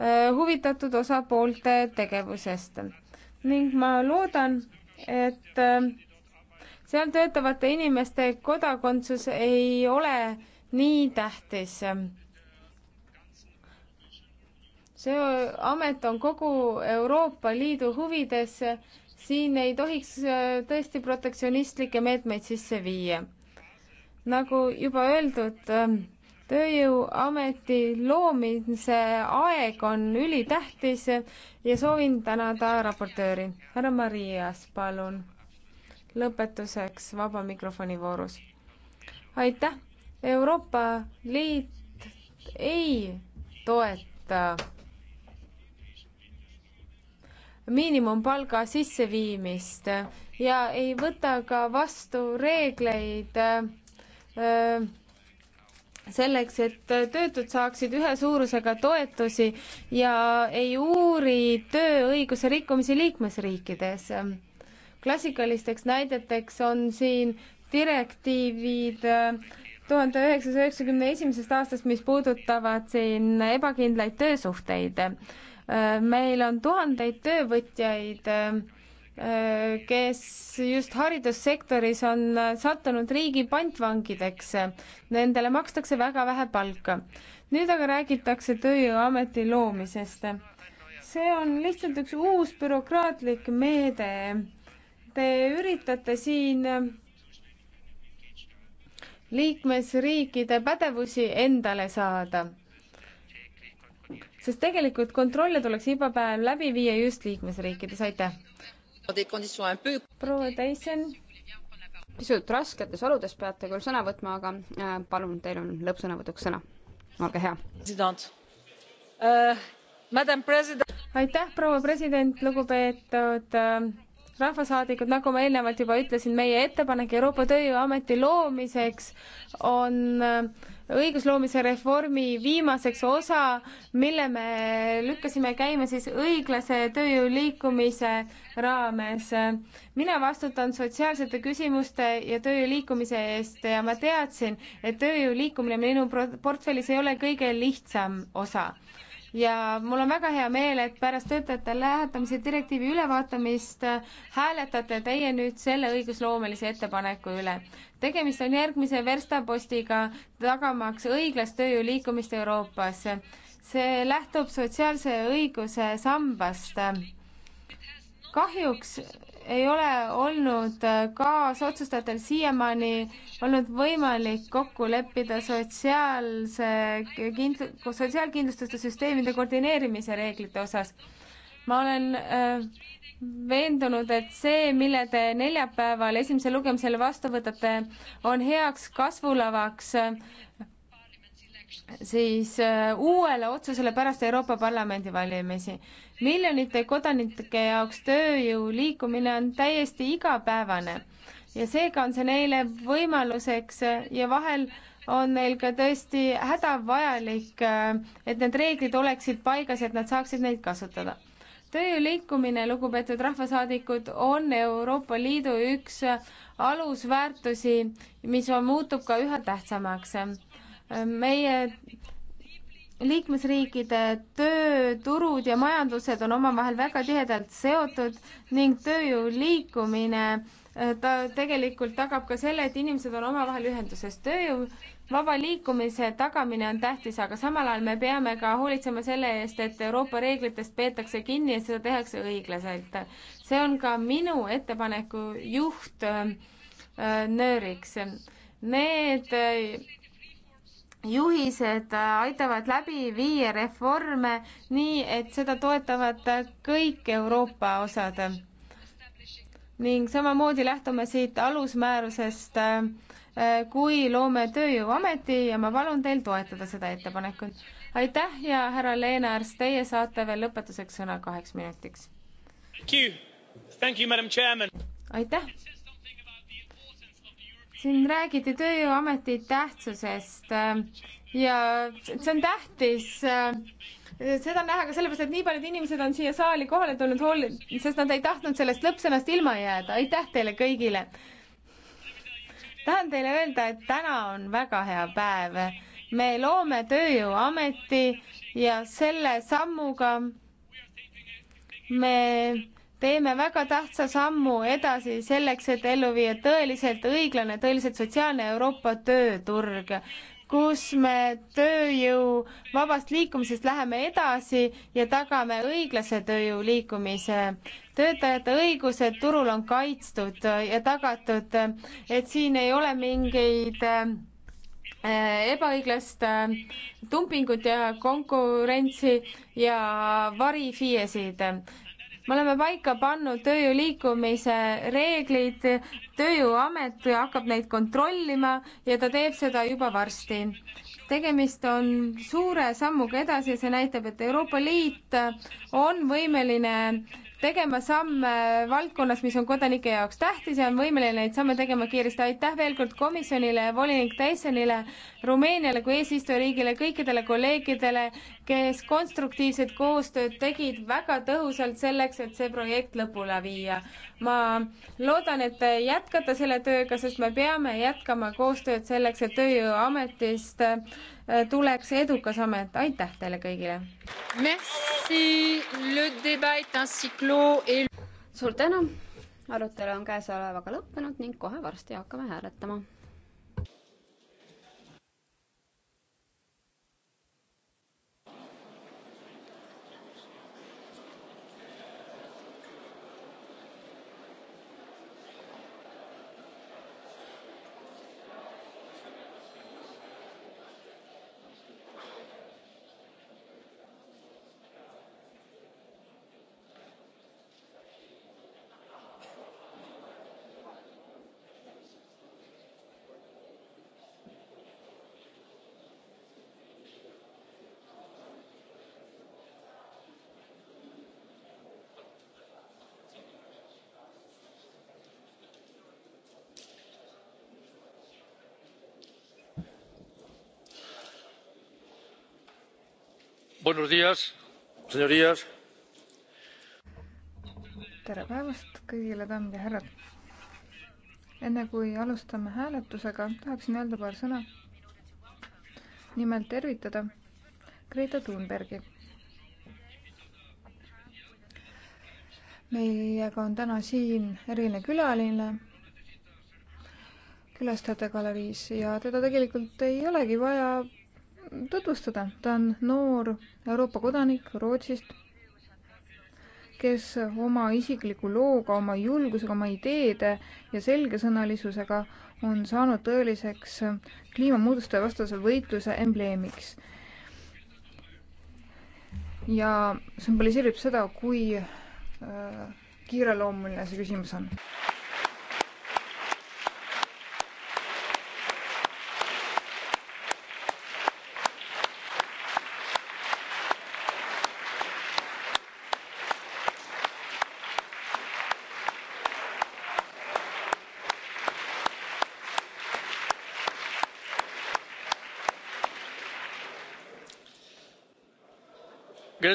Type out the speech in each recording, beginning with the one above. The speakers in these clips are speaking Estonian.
Äh, huvitatud osapoolte tegevusest. ning ma loodan, et äh, seal töötavate inimeste kodakondsus ei ole nii tähtis. see amet on kogu Euroopa Liidu huvides, siin ei tohiks äh, tõesti protektsionistlikke meetmeid sisse viia. nagu juba öeldud, tööjõuameti loomise aeg on ülitähtis ja soovin tänada raportööri. härra Marias, palun. lõpetuseks vaba mikrofoni voorus. aitäh. Euroopa Liit ei toeta miinimumpalga sisseviimist ja ei võta ka vastu reegleid öö, äh, selleks, et töötud saaksid ühe suurusega toetusi ja ei uuri tööõiguse rikkumisi liikmesriikides. klassikalisteks näideteks on siin direktiivid tuhande üheksasaja üheksakümne esimesest aastast, mis puudutavad siin ebakindlaid töösuhteid. meil on tuhandeid töövõtjaid kes just haridussektoris on sattunud riigi pantvangideks. Nendele makstakse väga vähe palka. nüüd aga räägitakse Tööjõuameti loomisest. see on lihtsalt üks uus bürokraatlik meede. Te üritate siin liikmesriikide pädevusi endale saada sest tegelikult kontrolle tuleks iga päev läbi viia just liikmesriikides, aitäh proua Teisen, pisut rasketes oludes peate küll sõna võtma, aga äh, palun, teil on lõppsõnavõtuks sõna. olge hea. Äh, aitäh, proua president, lugupeetud äh, rahvasaadikud, nagu ma eelnevalt juba ütlesin, meie ettepanek Euroopa Tööjõuameti loomiseks on äh, õigusloomise reformi viimaseks osa, mille me lükkasime käima siis õiglase tööjõu liikumise raames. mina vastutan sotsiaalsete küsimuste ja tööjõu liikumise eest ja ma teadsin, et tööjõu liikumine minu portfellis ei ole kõige lihtsam osa ja mul on väga hea meel, et pärast töötajate lähetamise direktiivi ülevaatamist hääletate teie nüüd selle õigusloomelise ettepaneku üle. tegemist on järgmise verstapostiga, tagamaks õiglast tööjõu liikumist Euroopas. see lähtub sotsiaalse õiguse sambast. kahjuks ei ole olnud äh, kaasotsustajatel siiamaani olnud võimalik kokku leppida sotsiaalse kind-, sotsiaalkindlustuse süsteemide koordineerimise reeglite osas. ma olen äh, veendunud, et see, mille te neljapäeval esimesel lugemisel vastu võtate, on heaks kasvulavaks siis äh, uuele otsusele pärast Euroopa Parlamendi valimisi. miljonite kodanike jaoks tööjõu liikumine on täiesti igapäevane ja seega on see neile võimaluseks äh, ja vahel on neil ka tõesti hädavajalik, äh, et need reeglid oleksid paigas, et nad saaksid neid kasutada. tööjõu liikumine, lugupeetud rahvasaadikud, on Euroopa Liidu üks alusväärtusi, mis on, muutub ka üha tähtsamaks meie liikmesriikide tööturud ja majandused on omavahel väga tihedalt seotud ning tööjõu liikumine äh, ta tegelikult tagab ka selle, et inimesed on omavahel ühenduses. tööjõu vaba liikumise tagamine on tähtis, aga samal ajal me peame ka hoolitsema selle eest, et Euroopa reeglitest peetakse kinni ja seda tehakse õiglaselt. see on ka minu ettepaneku juhtnööriks. Äh, äh, Need juhised äh, aitavad läbi viia reforme nii, et seda toetavad kõik Euroopa osad. ning samamoodi lähtume siit alusmäärusest, äh, kui loome Tööjõuameti ja ma palun teil toetada seda ettepanekut. aitäh ja härra Leenars, teie saate veel lõpetuseks sõna kaheks minutiks. aitäh siin räägiti Tööameti tähtsusest äh, ja see on tähtis. Äh, seda on näha ka sellepärast, et nii paljud inimesed on siia saali kohale tulnud hooli, sest nad ei tahtnud sellest lõppsõnast ilma jääda. aitäh teile kõigile. tahan teile öelda, et täna on väga hea päev. me loome Tööjõuameti ja selle sammuga me teeme väga tähtsa sammu edasi selleks, et ellu viia tõeliselt õiglane, tõeliselt sotsiaalne Euroopa tööturg, kus me tööjõu vabast liikumisest läheme edasi ja tagame õiglase tööjõu liikumise. töötajate õigused turul on kaitstud ja tagatud, et siin ei ole mingeid äh, ebaõiglast äh, dumpingut ja konkurentsi ja varifiesid me oleme paika pannud tööjõu liikumise reeglid, tööjõuamet hakkab neid kontrollima ja ta teeb seda juba varsti. tegemist on suure sammuga edasi ja see näitab, et Euroopa Liit on võimeline tegema samme valdkonnas, mis on kodanike jaoks tähtis ja on võimeline neid samme tegema kiiresti. aitäh veel kord komisjonile, volinik Tysonile, Rumeeniale kui eesistujariigile, kõikidele kolleegidele kes konstruktiivset koostööd tegid väga tõhusalt selleks, et see projekt lõpule viia. ma loodan, et te jätkate selle tööga, sest me peame jätkama koostööd selleks, et Tööjõuametist äh, tuleks edukas amet. aitäh teile kõigile! suur tänu! arutelu on käesolevaga lõppenud ning kohe varsti hakkame hääletama buenos días señorías tere päevast kõigile daamid ja härrad enne kui alustame hääletusega tahaksin öelda paar sõna nimelt tervitada Greta Thunbergi meiega on täna siin eriline külaline külastajate galeriis ja teda tegelikult ei olegi vaja tutvustada. ta on noor Euroopa kodanik Rootsist, kes oma isikliku looga, oma julgusega, oma ideede ja selgesõnalisusega on saanud tõeliseks kliimamuutuste vastase võitluse embleemiks. ja sümboliseerib seda, kui äh, kiireloomuline see küsimus on.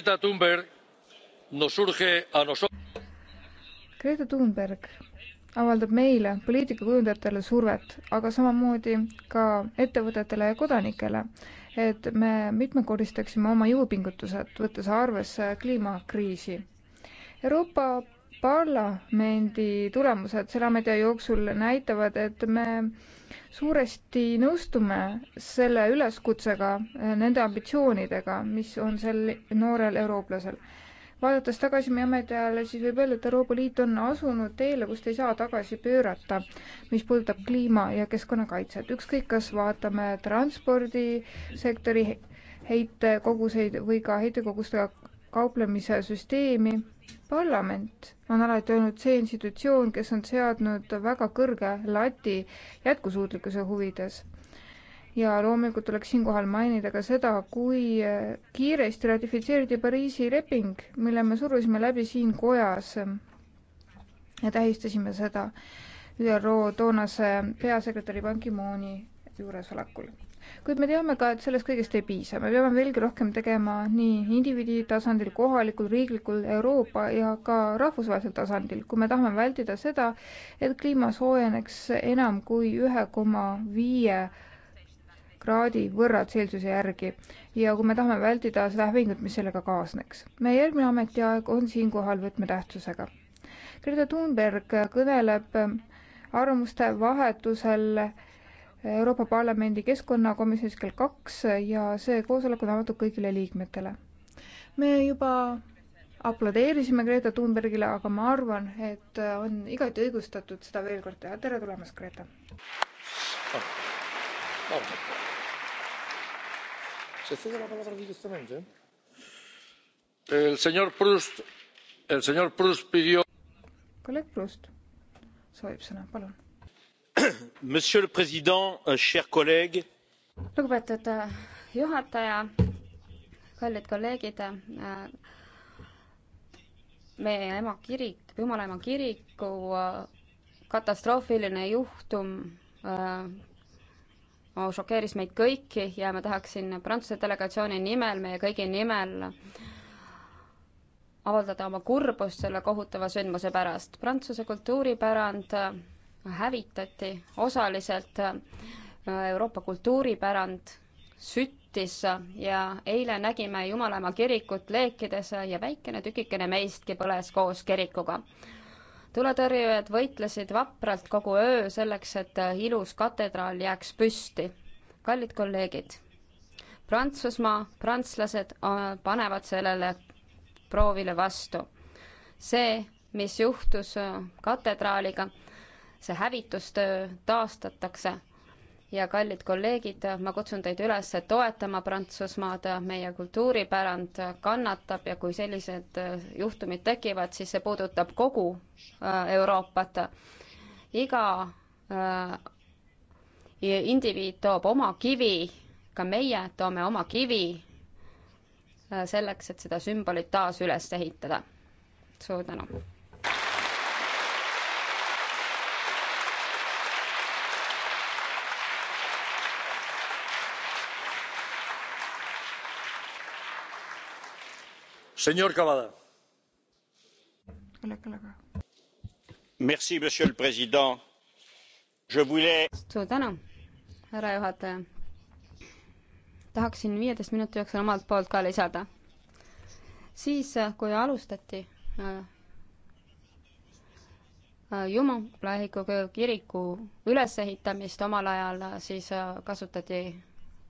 Greta Thunberg nos urge a nosotros. Greta Thunberg avaldab meile, poliitikakujundajatele survet, aga samamoodi ka ettevõtetele ja kodanikele, et me mitmekordistaksime oma jõupingutused, võttes arvesse kliimakriisi. Euroopa parlamendi tulemused selle ametiaja jooksul näitavad, et me suuresti nõustume selle üleskutsega, nende ambitsioonidega, mis on sel noorel eurooplasel. vaadates tagasi meie ametiajale, siis võib öelda, et Euroopa Liit on asunud teele, kust ei saa tagasi pöörata, mis puudutab kliima ja keskkonnakaitset, ükskõik, kas vaatame transpordisektori heitekoguseid või ka heitekogustega kauplemise süsteemi parlament on alati olnud see institutsioon, kes on seadnud väga kõrge lati jätkusuutlikkuse huvides. ja loomulikult tuleks siinkohal mainida ka seda, kui kiiresti ratifitseeriti Pariisi leping, mille me surusime läbi siin kojas ja tähistasime seda ÜRO toonase peasekretäri Ban Ki-mooni juuresolekul kuid me teame ka, et sellest kõigest ei piisa, me peame veelgi rohkem tegema nii indiviidi tasandil, kohalikul, riiklikul, Euroopa ja ka rahvusvahelisel tasandil, kui me tahame vältida seda, et kliima soojeneks enam kui ühe koma viie kraadi võrra Celsiuse järgi ja kui me tahame vältida seda hävingut, mis sellega kaasneks. meie järgmine ametiaeg on siinkohal võtmetähtsusega. Greta Thunberg kõneleb arvamuste vahetusel Euroopa Parlamendi keskkonnakomisjonis kell kaks ja see koosolek on avatud kõigile liikmetele. me juba aplodeerisime Greta Thunbergile, aga ma arvan, et on igati õigustatud seda veel kord teha. tere tulemast, Greta! kolleeg Proust soovib sõna, palun. Euh, lugupeetud äh, juhataja kallid kolleegid äh, meie ema kirik jumala ema kiriku äh, katastroofiline juhtum oh, šokeeris meid kõiki ja ma tahaksin prantsuse delegatsiooni nimel meie kõigi nimel avaldada oma kurbust selle kohutava sündmuse pärast. Prantsuse kultuuripärand hävitati osaliselt äh, Euroopa kultuuripärand, süttis ja eile nägime Jumalaema kirikut leekides ja väikene tükikene meistki põles koos kirikuga. tuletõrjujad võitlesid vapralt kogu öö selleks, et äh, ilus katedraal jääks püsti. kallid kolleegid, Prantsusmaa, prantslased äh, panevad sellele proovile vastu. see, mis juhtus katedraaliga see hävitustöö taastatakse ja kallid kolleegid, ma kutsun teid üles toetama Prantsusmaad, meie kultuuripärand kannatab ja kui sellised äh, juhtumid tekivad, siis see puudutab kogu äh, Euroopat. iga äh, indiviid toob oma kivi, ka meie toome oma kivi selleks, et seda sümbolit taas üles ehitada. suur tänu! monsieur le président je voulais. suur tänu härra juhataja tahaksin viieteist minuti jooksul omalt poolt ka lisada siis äh, kui alustati äh, äh, jumala kiriku ülesehitamist omal ajal siis kasutati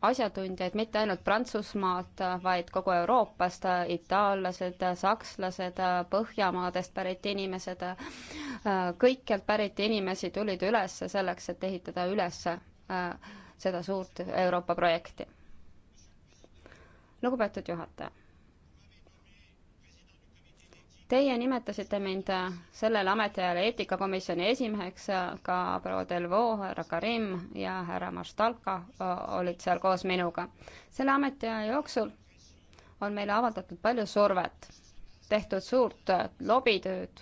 asjatundjaid mitte ainult Prantsusmaalt, vaid kogu Euroopast, itaallased, sakslased, Põhjamaadest pärit inimesed, kõikjalt pärit inimesi tulid üles selleks, et ehitada üles äh, seda suurt Euroopa projekti. lugupeetud juhataja Teie nimetasite mind äh, sellel ametiajal eetikakomisjoni esimeheks, äh, ka proua Delvaux, härra Karim ja härra Maštalka äh, olid seal koos minuga. selle ametiaja jooksul on meile avaldatud palju survet, tehtud suurt lobitööd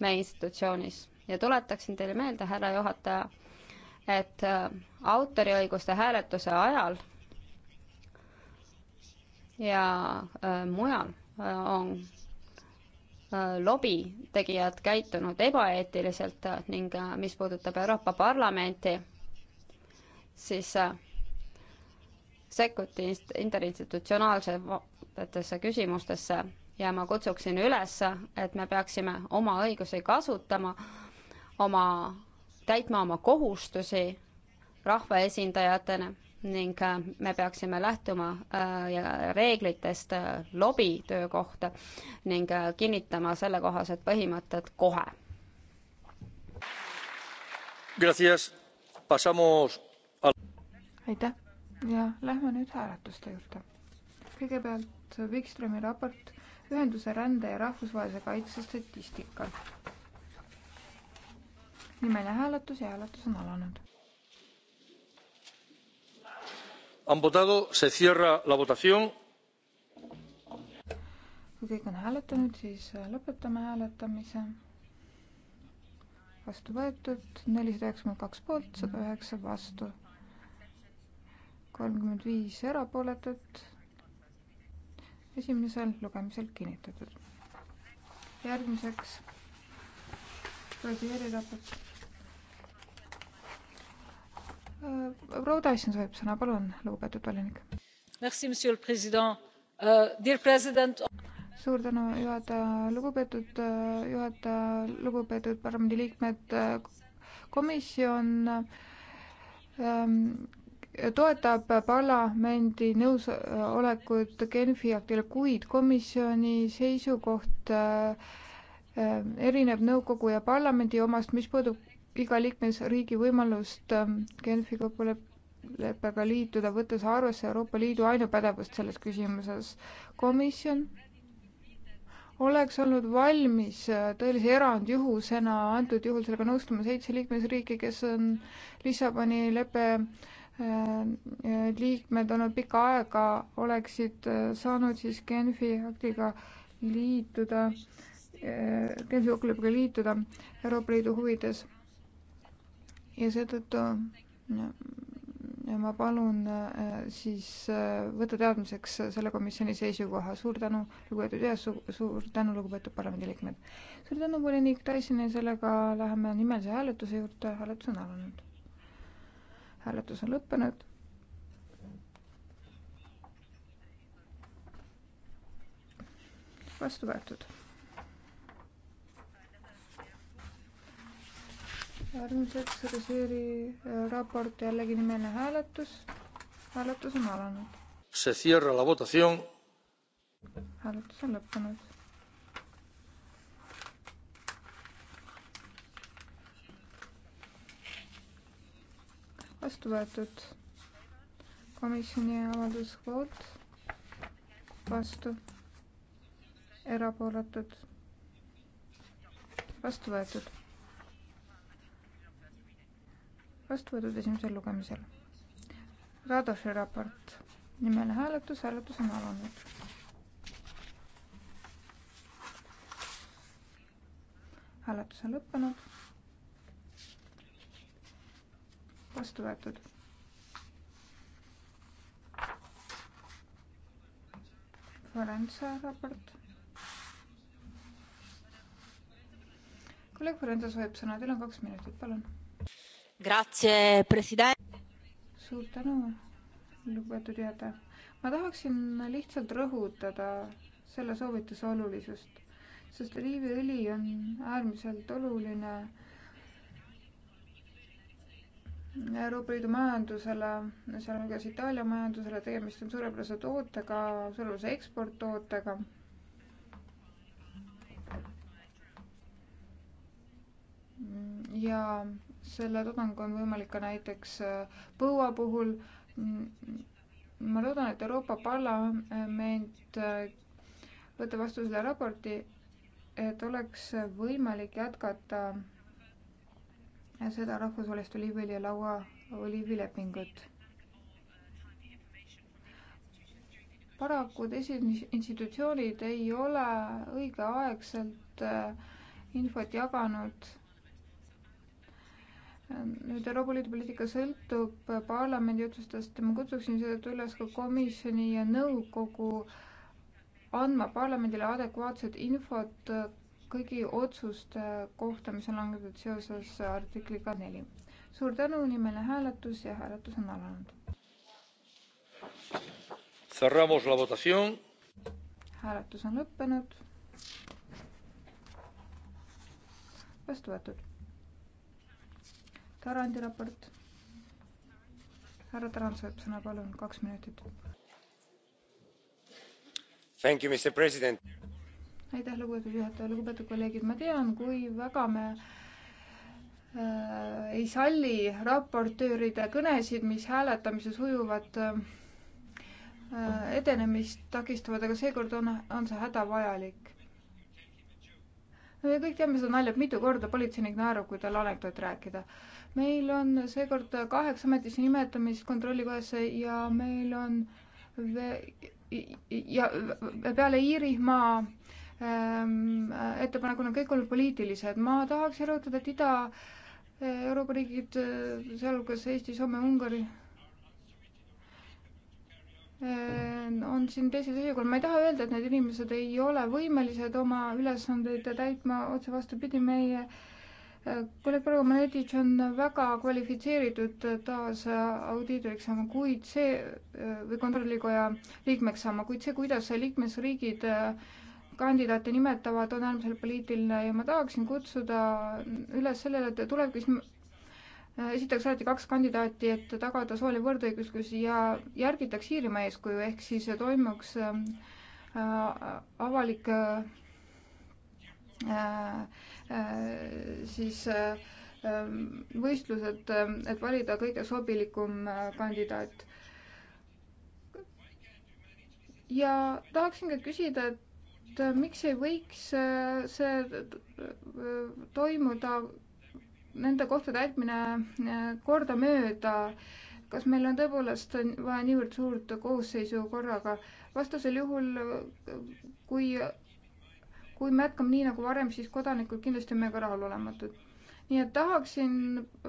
meie institutsioonis ja tuletaksin teile meelde, härra juhataja, et autoriõiguste hääletuse ajal ja äh, mujal on Äh, lobi tegijad käitunud ebaeetiliselt ning äh, mis puudutab Euroopa Parlamenti, siis äh, sekkuti interinstitutsionaalsetesse küsimustesse ja ma kutsuksin üles, et me peaksime oma õigusi kasutama, oma, täitma oma kohustusi rahvaesindajatena ning äh, me peaksime lähtuma äh, reeglitest äh, lobitöö kohta ning kinnitama sellekohased põhimõtted kohe. aitäh ja lähme nüüd hääletuste juurde. kõigepealt Wikströmi raport Ühenduse rände ja rahvusvahelise kaitse statistika. nimeline hääletus ja hääletus on alanud han votado se cierra la votación kui kõik on hääletanud siis äh, lõpetame hääletamise vastu võetud nelisada üheksakümmend kaks poolt sada üheksa vastu kolmkümmend viis erapooletut esimesel lugemisel kinnitatud järgmiseks reageeriraport Äh, proua Tyson soovib sõna, palun, lugupeetud volinik. Äh, suur tänu, juhataja, lugupeetud äh, juhataja, lugupeetud parlamendiliikmed. komisjon ähm, toetab parlamendi nõusolekut Genfi aktile, kuid komisjoni seisukoht erineb nõukogu ja parlamendi omast, mis puudub iga liikmesriigi võimalust ähm, Genfi kokkuleppega liituda, võttes arvesse Euroopa Liidu ainupädevust selles küsimuses. komisjon oleks olnud valmis äh, tõelise erandjuhusena antud juhul sellega nõustuma seitse liikmesriiki, kes on Lissaboni lepe äh, liikmed olnud pikka aega, oleksid äh, saanud siis Genfi aktiga liituda, Genfi kokkuleppega liituda Euroopa Liidu huvides ja seetõttu ja ma palun äh, siis äh, võtta teadmiseks selle komisjoni seisukoha. suur tänu, lugupeetud ja su suur tänu, lugupeetud parlamendiliikmed. suur tänu, volinik Tyson ja sellega läheme nimelise hääletuse juurde. hääletus on alanud. hääletus on lõppenud. vastu võetud järgmiseks režööri äh, raport jällegi nimeline hääletus. hääletus on alanud. hääletus on lõppenud. vastu võetud komisjoni avaldus poolt, vastu, erapooletud, vastu võetud vastu võetud esimesel lugemisel. Radoši raport, nimeline hääletus, hääletus on alanud. hääletus on lõppenud. vastu võetud. Forense raport. kolleeg Forense soovib sõna, teil on kaks minutit, palun suur tänu, lugupeetud juhataja. ma tahaksin lihtsalt rõhutada selle soovituse olulisust, sest oliiviõli on äärmiselt oluline Euroopa Liidu majandusele, sealhulgas Itaalia majandusele, tegemist on suurepärase tootega, suurepärase eksporttootega. ja selle toodangu on võimalik ka näiteks äh, põua puhul. Mm, ma loodan, et Euroopa Parlament äh, võtab vastu selle raporti, et oleks võimalik jätkata seda rahvusvahelist oliiviõljelaua oliivilepingut. paraku teised institutsioonid ei ole õigeaegselt äh, infot jaganud nüüd Euroopa Liidu poliitika sõltub parlamendi otsustest, ma kutsuksin seetõttu üles ka komisjoni ja nõukogu andma parlamendile adekvaatset infot kõigi otsuste kohta, mis on langetatud seoses artikliga neli. suur tänu, nimeline hääletus ja hääletus on alanud. hääletus on lõppenud. vastu võetud Tarandi raport. härra Tarand saab sõna, palun, kaks minutit. Thank you, Mr President. aitäh, lugupeetud juhataja, lugupeetud kolleegid, ma tean, kui väga me äh, ei salli raportööride kõnesid, mis hääletamises ujuvad äh, edenemist takistavad, aga seekord on, on see hädavajalik me kõik teame seda nalja, et mitu korda politseinik naerab, kui tal anekdoot rääkida. meil on seekord kaheksa ametisse nimetamist kontrollikojasse ja meil on ja peale Iirimaa ähm, ettepanekul on kõik olnud poliitilised. ma tahaks rõhutada, et Ida-Euroopa riigid, sealhulgas Eesti, Soome, Ungari Ehm, on siin teisel seisukohal, ma ei taha öelda, et need inimesed ei ole võimelised oma ülesandeid täitma, otse vastupidi, meie äh, kolleeg proua Manetitš on väga kvalifitseeritud taas äh, audiitoriks saama, kuid see, äh, või kontrollikoja liikmeks saama, kuid see, kuidas liikmesriigid kandidaate nimetavad, on äärmiselt poliitiline ja ma tahaksin kutsuda üles sellele, et tulevikus Äh, esiteks alati kaks kandidaati, et tagada sooline võrdõiguslikkus ja järgitaks Iirimaa eeskuju, ehk siis toimuks ähm, äh, avalik äh, siis ähm, võistlused, ähm, et valida kõige sobilikum kandidaat. ja tahaksin ka küsida, et miks ei võiks see toimuda nende kohtade täitmine eh, kordamööda. kas meil on tõepoolest vaja niivõrd suurt koosseisu korraga? vastasel juhul, kui, kui me jätkame nii nagu varem, siis kodanikud kindlasti on meiega rahulolematud. nii et tahaksin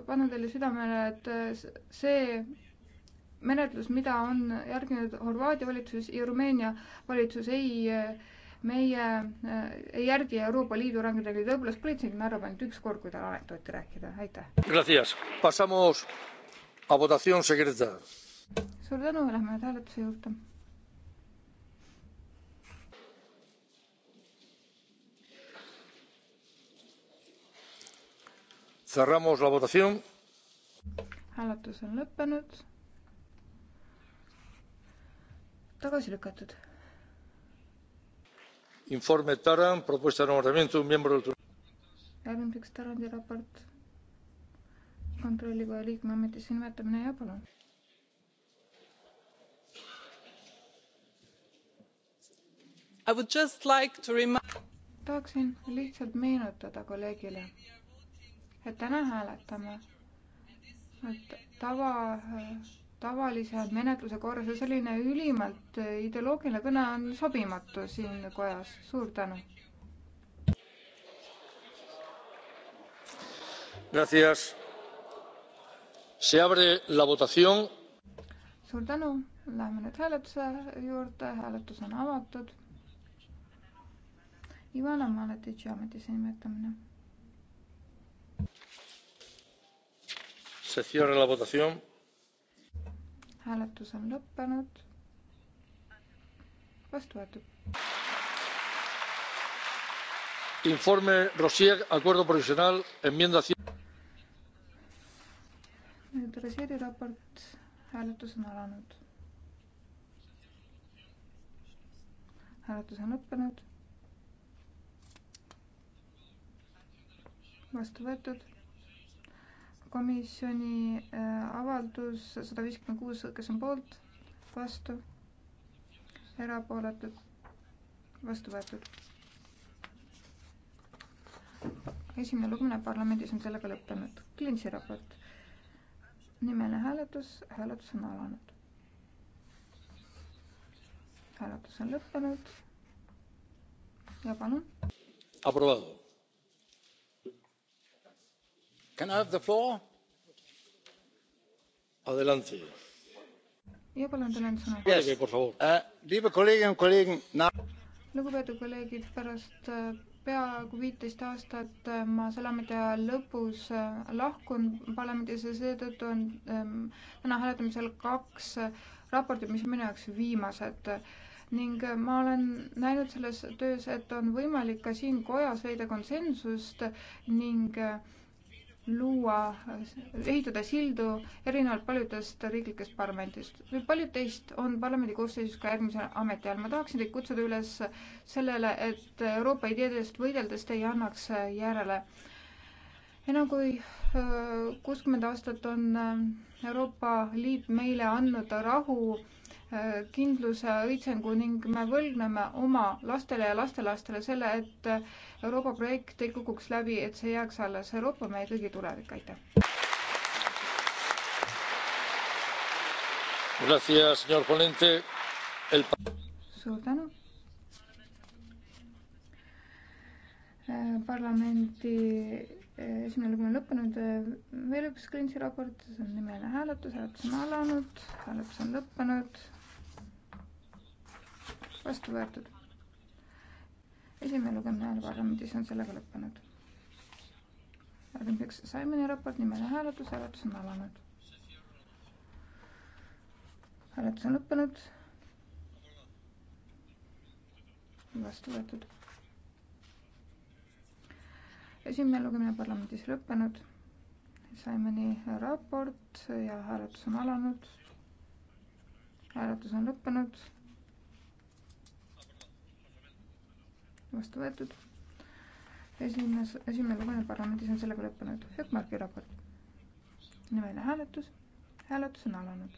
panna teile südamele, et eh, see menetlus, mida on järginud Horvaatia valitsus ja Rumeenia valitsus, ei eh, meie äh, ei järgi Euroopa Liidu rangeid reegleid, võib-olla siis politseinik naerab ainult üks kord, kui tal anekdooti rääkida, aitäh. suur tänu, lähme nüüd hääletuse juurde. Cerramos la votación. hääletus on lõppenud. tagasi lükatud informe Taran, propuesta de nombramiento de un miembro del järgmiseks Tarandi raport, kontrollikoja liikme ametisse nimetamine ja palun. I would just like to remind tahaksin lihtsalt meenutada kolleegile, et täna hääletame, et tava tavalise menetluse korras ja selline ülimalt ideoloogiline kõne on sobimatu siin kojas. suur tänu. suur tänu, läheme nüüd hääletuse juurde, hääletus on avatud. Ivana Maletitši ametisse nimetamine. Se cierra la votación hääletus on lõppenud. vastu võetud. Informe Rosier, acuerdo provisional, enmienda. nüüd Rosieri raport, hääletus on alanud. hääletus on lõppenud. vastu võetud komisjoni äh, avaldus sada viiskümmend kuus, kes on poolt, vastu, erapooletud, vastu võetud. esimene lugemine parlamendis on sellega lõppenud. Klinsi raport. nimeline hääletus, hääletus on alanud. hääletus on lõppenud. ja palun. aprobado ja palun, teil on sõna. Uh, lugupeetud kolleegid, pärast äh, peaaegu viiteist aastat äh, ma selle ametiaja lõpus äh, lahkun parlamendis ja seetõttu on ähm, täna hääletamisel kaks raportit, mis on minu jaoks viimased ning ma olen näinud selles töös, et on võimalik ka siin kojas leida konsensust ning äh, luua, ehitada sildu erinevalt paljudest riiklikest parlamentist. paljud teist on parlamendi koosseisus ka järgmisel ametiajal. ma tahaksin teid kutsuda üles sellele, et Euroopa ideedest võideldes te ei annaks järele. enam kui kuuskümmend aastat on Euroopa Liit meile andnud rahu kindluse õitsengu ning me võlgneme oma lastele ja lastelastele selle, et Euroopa projekt ei kukuks läbi, et see jääks alles. Euroopa on meie kõigi tulevik, aitäh. suur tänu. parlamendi esimene lugemine lõppenud, veel üks Klinsi raport, see on nimeline hääletus, hääletus on alanud, hääletus on lõppenud vastu võetud. esimene lugemine parlamendis on sellega lõppenud. järgmiseks Simoni raport, nimeline hääletus, hääletus on alanud. hääletus on lõppenud. vastu võetud. esimene lugemine parlamendis lõppenud. Simoni raport ja hääletus on alanud. hääletus on lõppenud vastu võetud. esimees, esimene lugemine parlamendis on sellega lõppenud. Hökmarki raport. nimeline hääletus. hääletus on alanud.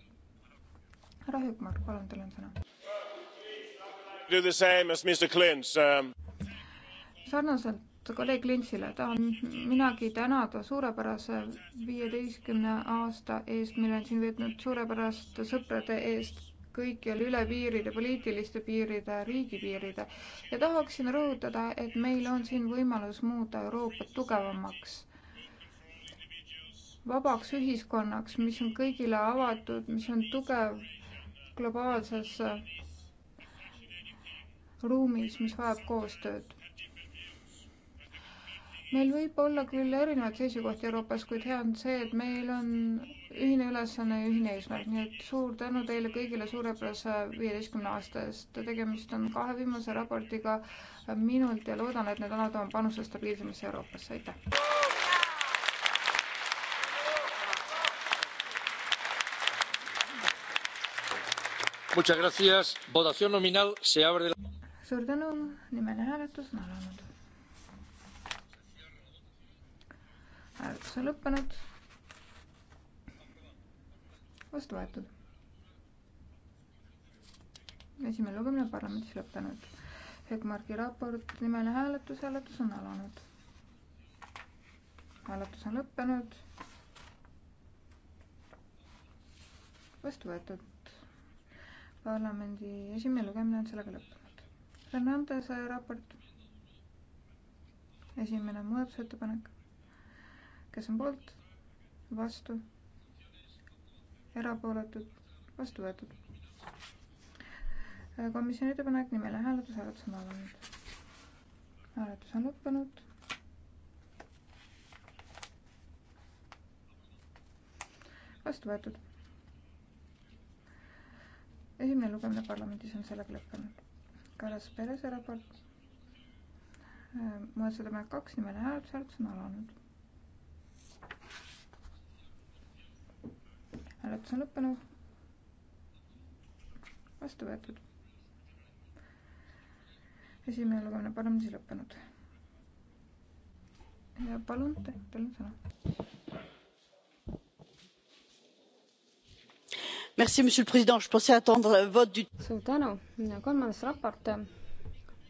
härra Hökmark, palun, teil on sõna. Do the same as Mr Clints um.... sarnaselt kolleeg Lintsile tahan minagi tänada suurepärase viieteistkümne aasta eest, mille on siin võtnud suurepärast sõprade eest kõikjal üle piiride, poliitiliste piiride, riigipiiride ja tahaksin rõhutada, et meil on siin võimalus muuta Euroopat tugevamaks, vabaks ühiskonnaks, mis on kõigile avatud, mis on tugev globaalses ruumis, mis vajab koostööd meil võib olla küll erinevaid seisukohti Euroopas, kuid hea on see, et meil on ühine ülesanne ja ühine eesmärk, nii et suur tänu teile kõigile suurepärase viieteistkümne aasta eest. tegemist on kahe viimase raportiga minult ja loodan, et need annavad oma panuse stabiilsemasse Euroopasse, aitäh! suur tänu, nimeline hääletus on alanud. hääletus on lõppenud. vastu võetud. esimene lugemine parlamendis lõppenud. Hegmargi raport, nimeline hääletus, hääletus on alanud. hääletus on lõppenud. vastu võetud. parlamendi esimene lugemine on sellega lõppenud. Fernandese raport. esimene muudatusettepanek kes on poolt, vastu, erapooletud, vastu võetud. Äh, komisjoni ettepanek, nimeline hääletus, hääletus on alanud. hääletus on lõppenud. vastu võetud. esimene lugemine parlamendis on sellega lõppenud. Kallas Peres, erapoolt. Äh, muudatusettepanek kaks, nimeline hääletus, hääletus on alanud hääletus on lõppenud. vastu võetud. esimene lugemine parlamendis lõppenud. ja palun, teil on sõna. Merci, monsieur le président, je pensais attendre vote du. suur tänu, kolmas raport,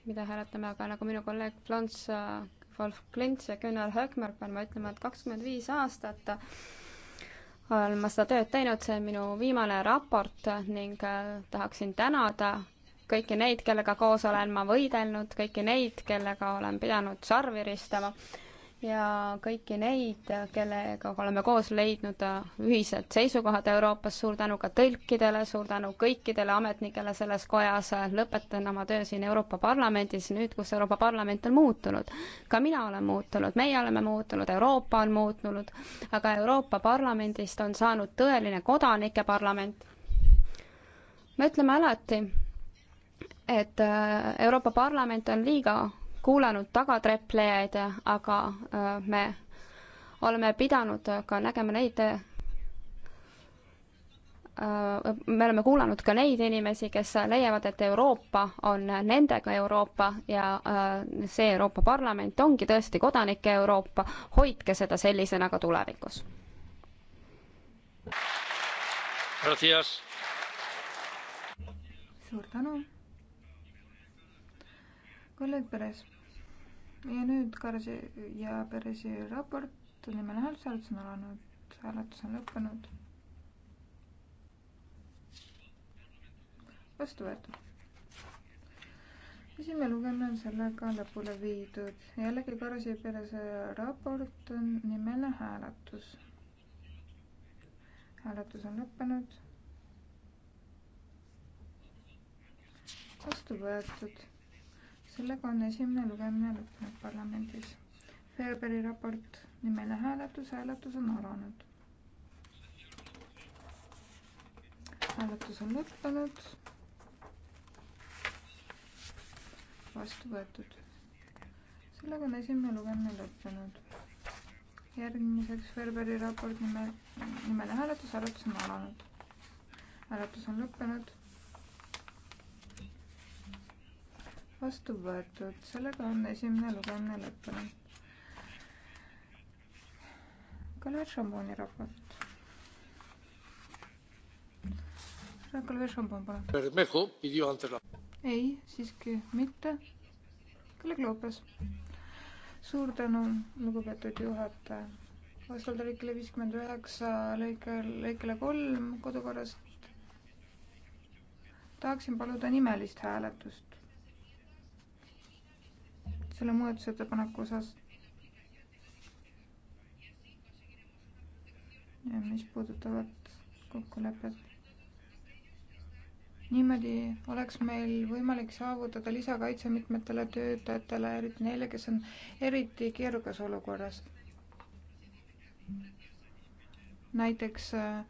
mida hääletame, aga nagu minu kolleeg Flans äh, Wolf Klints ja Gunnar Hökmark on, ma ütleme, et kakskümmend viis aastat olen ma seda tööd teinud, see on minu viimane raport ning äh, tahaksin tänada kõiki neid, kellega koos olen ma võidelnud, kõiki neid, kellega olen pidanud sarvi ristama ja kõiki neid, kellega oleme koos leidnud äh, ühised seisukohad Euroopas, suur tänu ka tõlkidele, suur tänu kõikidele ametnikele selles kojas, lõpetan oma töö siin Euroopa Parlamendis nüüd, kus Euroopa Parlament on muutunud. ka mina olen muutunud, meie oleme muutunud, Euroopa on muutunud, aga Euroopa Parlamendist on saanud tõeline kodanike parlament. me ütleme alati, et äh, Euroopa Parlament on liiga kuulanud tagatrepplejaid, aga äh, me oleme pidanud ka nägema neid äh, me oleme kuulanud ka neid inimesi, kes leiavad, et Euroopa on nendega Euroopa ja äh, see Euroopa Parlament ongi tõesti kodanike Euroopa, hoidke seda sellisena ka tulevikus. suur tänu kolleeg Peres. ja nüüd Karsi ja Peresi raport nimeline hääletus, hääletus on alanud, hääletus on lõppenud. vastu võetud. esimene lugemine on sellega lõpule viidud. jällegi Karsi ja Perese raport on nimeline hääletus. hääletus on lõppenud. vastu võetud sellega on esimene lugemine lõppenud parlamendis. Ferberi raport nimeline hääletus, hääletus on alanud. hääletus on lõppenud. vastu võetud. sellega on esimene lugemine lõppenud. järgmiseks Ferberi raport nime, nimeline hääletus, hääletus on alanud. hääletus on lõppenud vastu võetud, sellega on esimene lugemine lõppenud. Kalev Šamboni raport. härra Kalev Šambon, palun. ei, siiski mitte. Kalev Loopes. suur tänu, lugupeetud juhataja. vastavalt lõikele viiskümmend üheksa lõike, lõikele kolm kodukorrast tahaksin paluda nimelist hääletust selle muudatusettepaneku osas, mis puudutavad kokkulepet. niimoodi oleks meil võimalik saavutada lisakaitse mitmetele töötajatele, eriti neile, kes on eriti keerukas olukorras. näiteks äh,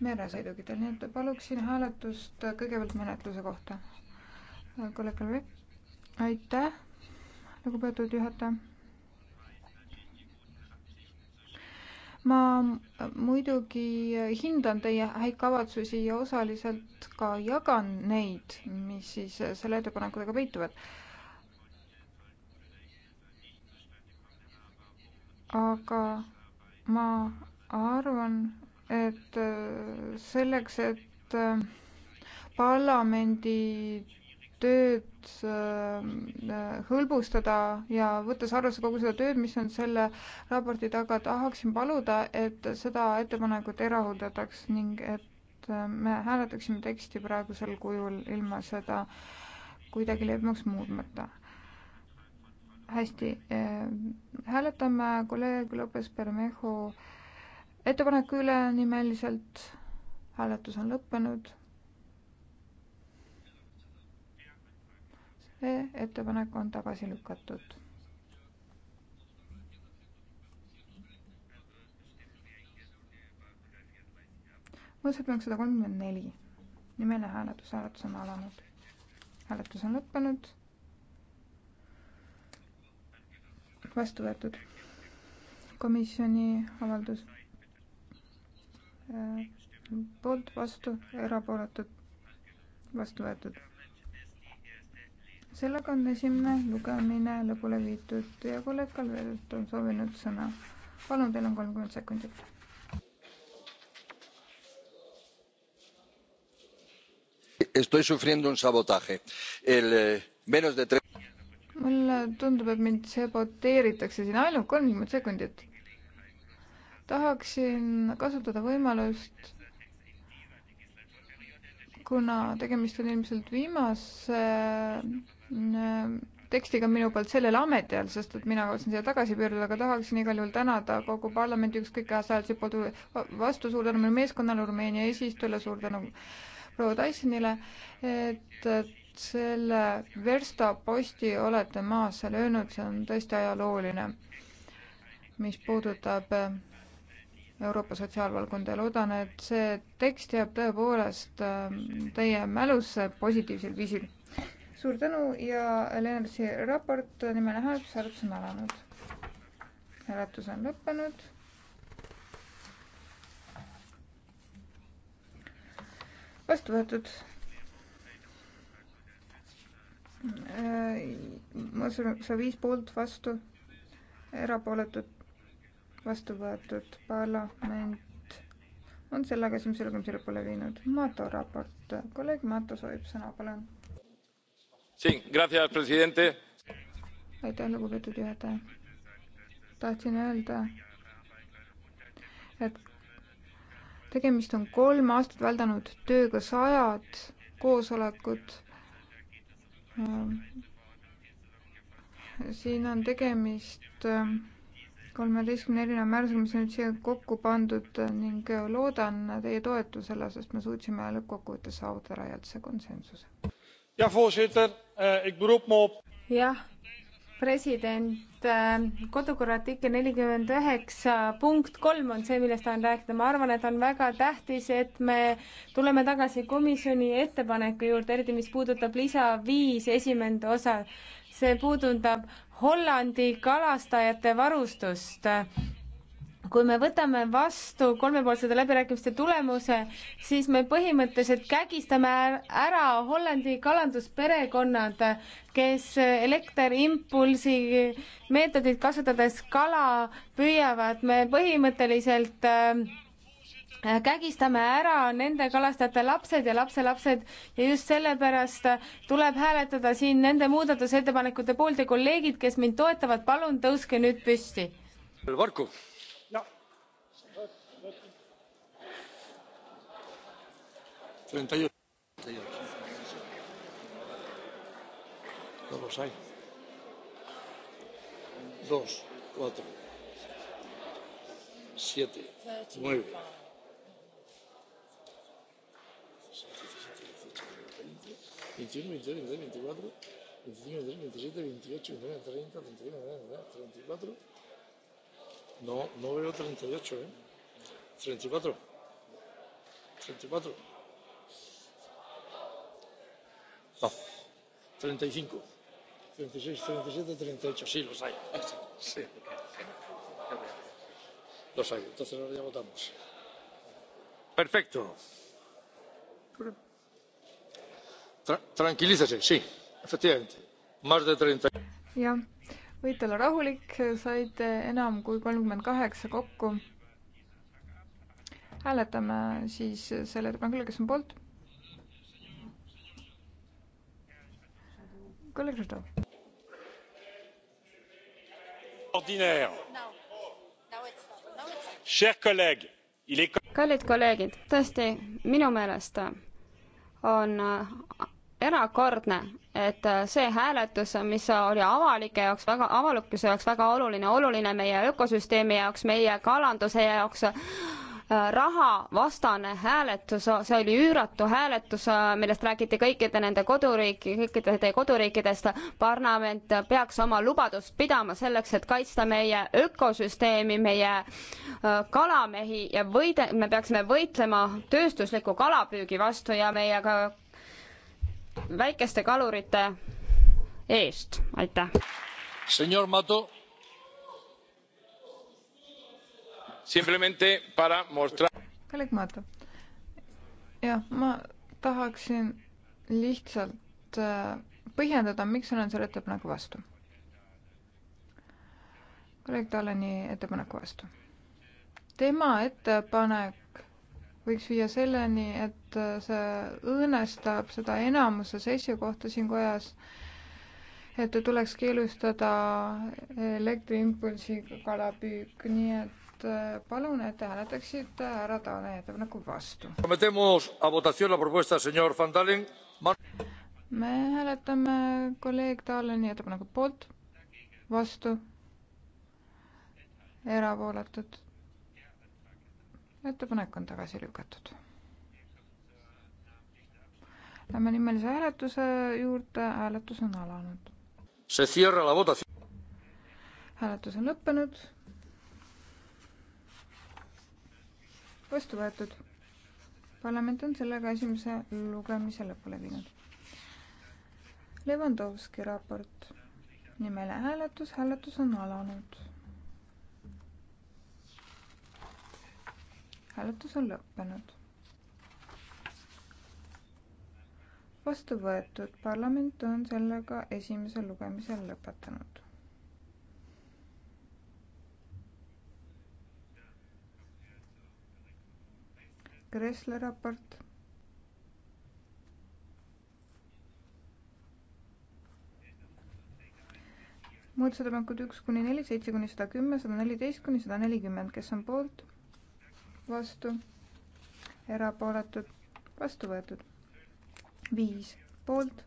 meresõidukidel, nii et paluksin hääletust kõigepealt menetluse kohta. Äh, kolleeg Kalvi, aitäh lugupeetud juhataja. ma muidugi hindan teie häid kavatsusi ja osaliselt ka jagan neid, mis siis selle ettepanekutega peituvad. aga ma arvan, et selleks, et parlamendi tööd ähm, äh, hõlbustada ja võttes arvesse kogu seda tööd, mis on selle raporti taga, tahaksin paluda, et seda ettepanekut ei rahuldataks ning et äh, me hääletaksime teksti praegusel kujul ilma seda kuidagi leebemaks muutmata. hästi, äh, hääletame kolleeg Lopez Bermejo ettepaneku üle nimeliselt. hääletus on lõppenud see ettepanek on tagasi lükatud. muudatusettepanek sada kolmkümmend neli, nimeline hääletus, hääletus on alanud. hääletus on lõppenud. vastu võetud komisjoni avaldus äh, poolt vastu, erapooletud vastu võetud sellega on esimene lugemine lõpule viidud ja kolleeg Kalvet on soovinud sõna. palun, teil on kolmkümmend sekundit. Estoy sufriendo un sabotaje. El eh, menos de tres. mulle tundub, et mind saboteeritakse siin ainult kolmkümmend sekundit. tahaksin kasutada võimalust kuna tegemist on ilmselt viimase Äh, tekstiga minu poolt sellel ametiajal, sest et mina kavatsen siia tagasi pöörduda, aga tahaksin igal juhul tänada kogu parlamendi ükskõik kes hääletasid poolt vastu, suur tänu meie meeskonnale, Rumeenia eesistujale, suur tänu proua Tysonile, et selle verstaposti olete maasse löönud, see on tõesti ajalooline, mis puudutab äh, Euroopa sotsiaalvaldkonda ja loodan, et see tekst jääb tõepoolest äh, teie mälusse positiivsel viisil suur tänu ja Lennartsi raport, nimeline hääletus, hääletus on alanud. hääletus on lõppenud. vastu võetud. ma saan, sa viis poolt vastu, erapooletud, vastu võetud parlament on sellega esimese lugemise lõpule viinud. Mato raport, kolleeg Mato soovib sõna, palun aitäh, lugupeetud juhataja. tahtsin öelda, et tegemist on kolm aastat väldanud tööga, sajad koosolekud. siin on tegemist kolmeteistkümne erineva määrusega, mis on nüüd siia kokku pandud ning loodan teie toetusele, sest me suutsime lõppkokkuvõttes saavutada laialdase konsensuse jah eh, president eh, kodukorra artikkel nelikümmend üheksa punkt kolm on see millest tahan rääkida ma arvan et on väga tähtis et me tuleme tagasi komisjoni ettepaneku juurde eriti mis puudutab lisa viis esimene osa see puudutab hollandi kalastajate varustust kui me võtame vastu kolmepoolsete läbirääkimiste tulemuse, siis me põhimõtteliselt kägistame ära Hollandi kalandusperekonnad, kes elekteriimpulsi meetodit kasutades kala püüavad. me põhimõtteliselt äh, kägistame ära nende kalastajate lapsed ja lapselapsed ja just sellepärast tuleb hääletada siin nende muudatusettepanekute poolt ja kolleegid, kes mind toetavad, palun tõuske nüüd püsti. Varku treinta y ocho no los hay dos cuatro siete nueve veintiuno veintidós veintitrés veinticuatro veinticinco veintiséis veintisiete veintiocho veintinueve treinta treinta y uno treinta y dos treinta y cuatro no no veo treinta y ocho eh treinta y cuatro treinta y cuatro no treinta y cinco treinta y seis treinta y siete treinta y ocho sí los hay sí los hay entonces ahora ya votamos perfecto Tra tranquilícese sí efectivamente más de treinta jah võite olla rahulik saite enam kui kolmkümmend kaheksa kokku hääletame siis selle ettepaneku üle, kes on poolt. kolleeg Rõdo. kallid kolleegid, tõesti, minu meelest on erakordne, et see hääletus, mis oli avalike jaoks väga, avalikkuse jaoks väga oluline, oluline meie ökosüsteemi jaoks, meie kalanduse jaoks, rahavastane hääletus, see oli üüratu hääletus, millest räägiti kõikide nende koduriiki, kõikide teie koduriikidest. parlament peaks oma lubadust pidama selleks, et kaitsta meie ökosüsteemi, meie äh, kalamehi ja võide, me peaksime võitlema tööstusliku kalapüügi vastu ja meie ka väikeste kalurite eest, aitäh. Senor Mato simplemente para mostrar. kolleeg Maata. jah, ma tahaksin lihtsalt äh, põhjendada, miks olen selle ettepaneku vastu. kolleeg Taleni ettepaneku vastu. tema ettepanek võiks viia selleni, et äh, see õõnestab seda enamuse seisukohta siin kojas, et tuleks keelustada elektriimpulsiga kalapüük, nii et et eh, palun, et te hääletaksite härra Taane ettepaneku vastu. me hääletame kolleeg Taaleni ettepaneku poolt, vastu, erapooletud. ettepanek on tagasi lükatud. Lähme nimelise hääletuse juurde, hääletus on alanud. hääletus on lõppenud vastu võetud. parlament on sellega esimese lugemise lõpule viinud. Levandovski raport, nimele hääletus, hääletus on alanud. hääletus on lõppenud. vastu võetud, parlament on sellega esimese lugemise lõpetanud. Kressle raport. muudatusettepanekud üks kuni neli, seitse kuni sada kümme, sada neliteist kuni sada nelikümmend, kes on poolt, vastu, erapooletud, vastu võetud. viis poolt,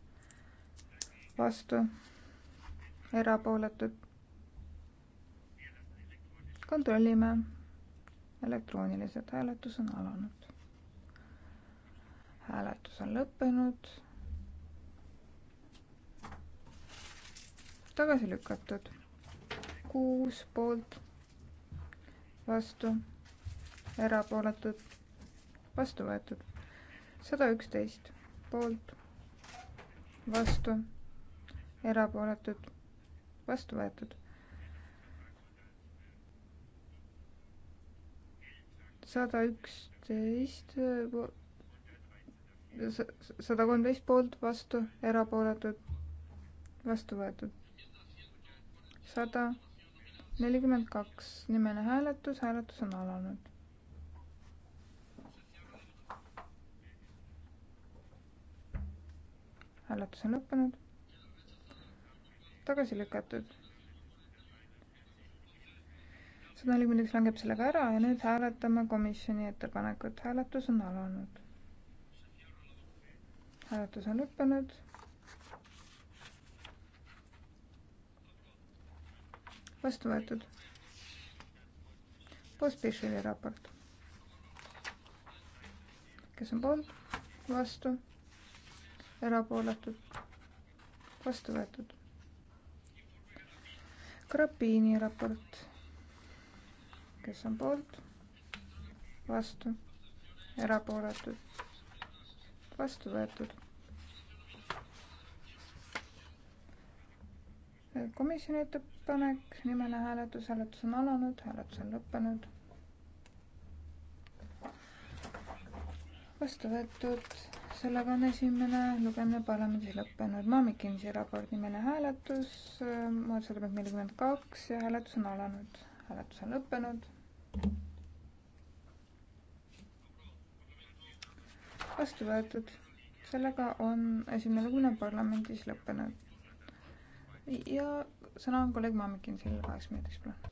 vastu, erapooletud. kontrollime elektrooniliselt, hääletus on alanud hääletus on lõppenud. tagasi lükatud. kuus poolt, vastu, erapooletud, vastu võetud. sada üksteist poolt, vastu, erapooletud, vastu võetud. sada üksteist sada kolmteist poolt, vastu, erapooletud, vastu võetud. sada nelikümmend kaks, nimeline hääletus, hääletus on alanud. hääletus on lõppenud. tagasi lükatud. sada nelikümmend üks langeb sellega ära ja nüüd hääletame komisjoni ettepanekut, hääletus on alanud hääletus on lõppenud. vastu võetud. Postbicheli raport. kes on poolt, vastu, erapooletud, vastu võetud. Grapini raport. kes on poolt, vastu, erapooletud vastu võetud. komisjoni ettepanek, nimeline hääletus, hääletus on alanud, hääletus on lõppenud. vastu võetud, sellega on esimene lugemine parlamendis lõppenud. Maamikinsi raport, nimeline hääletus, äh, muudatusettepanek nelikümmend kaks ja hääletus on alanud, hääletus on lõppenud vastu võetud. sellega on esimene lugemine parlamendis lõppenud. ja sõna on kolleeg Mamikinsile kaheks minutiks, palun.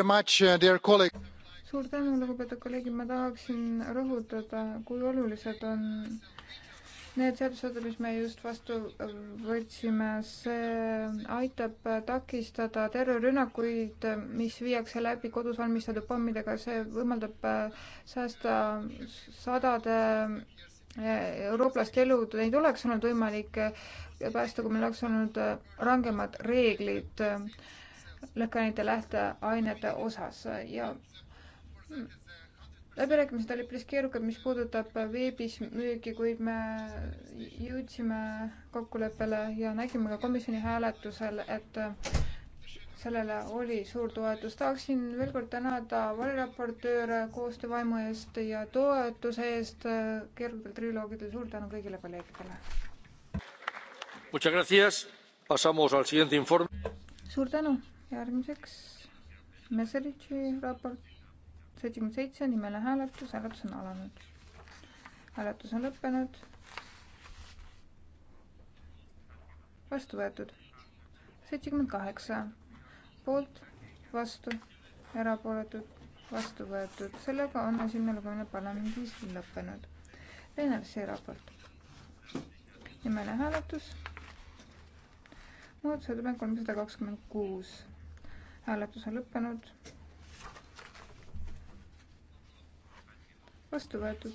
Uh, suur tänu, lugupeetud kolleegid, ma tahaksin rõhutada, kui olulised on Need seadused, mis me just vastu äh, võtsime, see aitab äh, takistada terrorirünnakuid, äh, mis viiakse läbi kodus valmistatud pommidega, see võimaldab säästa sadade eurooplaste elud, neid oleks olnud võimalik päästa, kui meil oleks olnud rangemad reeglid lõhkeainete lähteainete osas ja läbirääkimised olid päris keerukad, mis puudutab veebis müügi, kuid me jõudsime kokkuleppele ja nägime ka komisjoni hääletusel, et sellele oli suur toetus. tahaksin veel kord tänada valiraportööre koostöövaimu eest ja toetuse eest keerukatel triloogidel. suur tänu kõigile kolleegidele suur tänu järgmiseks meserichi raport seitsekümmend seitse nimeline hääletus, hääletus on alanud. hääletus on lõppenud. vastu võetud. seitsekümmend kaheksa poolt, vastu, erapooletud, vastu võetud. sellega on esimene lugemine parlamendis lõppenud. Leiner Seerapoolt. nimeline hääletus. muudatusettepanek kolmsada kakskümmend kuus. hääletus on lõppenud vastu võetud.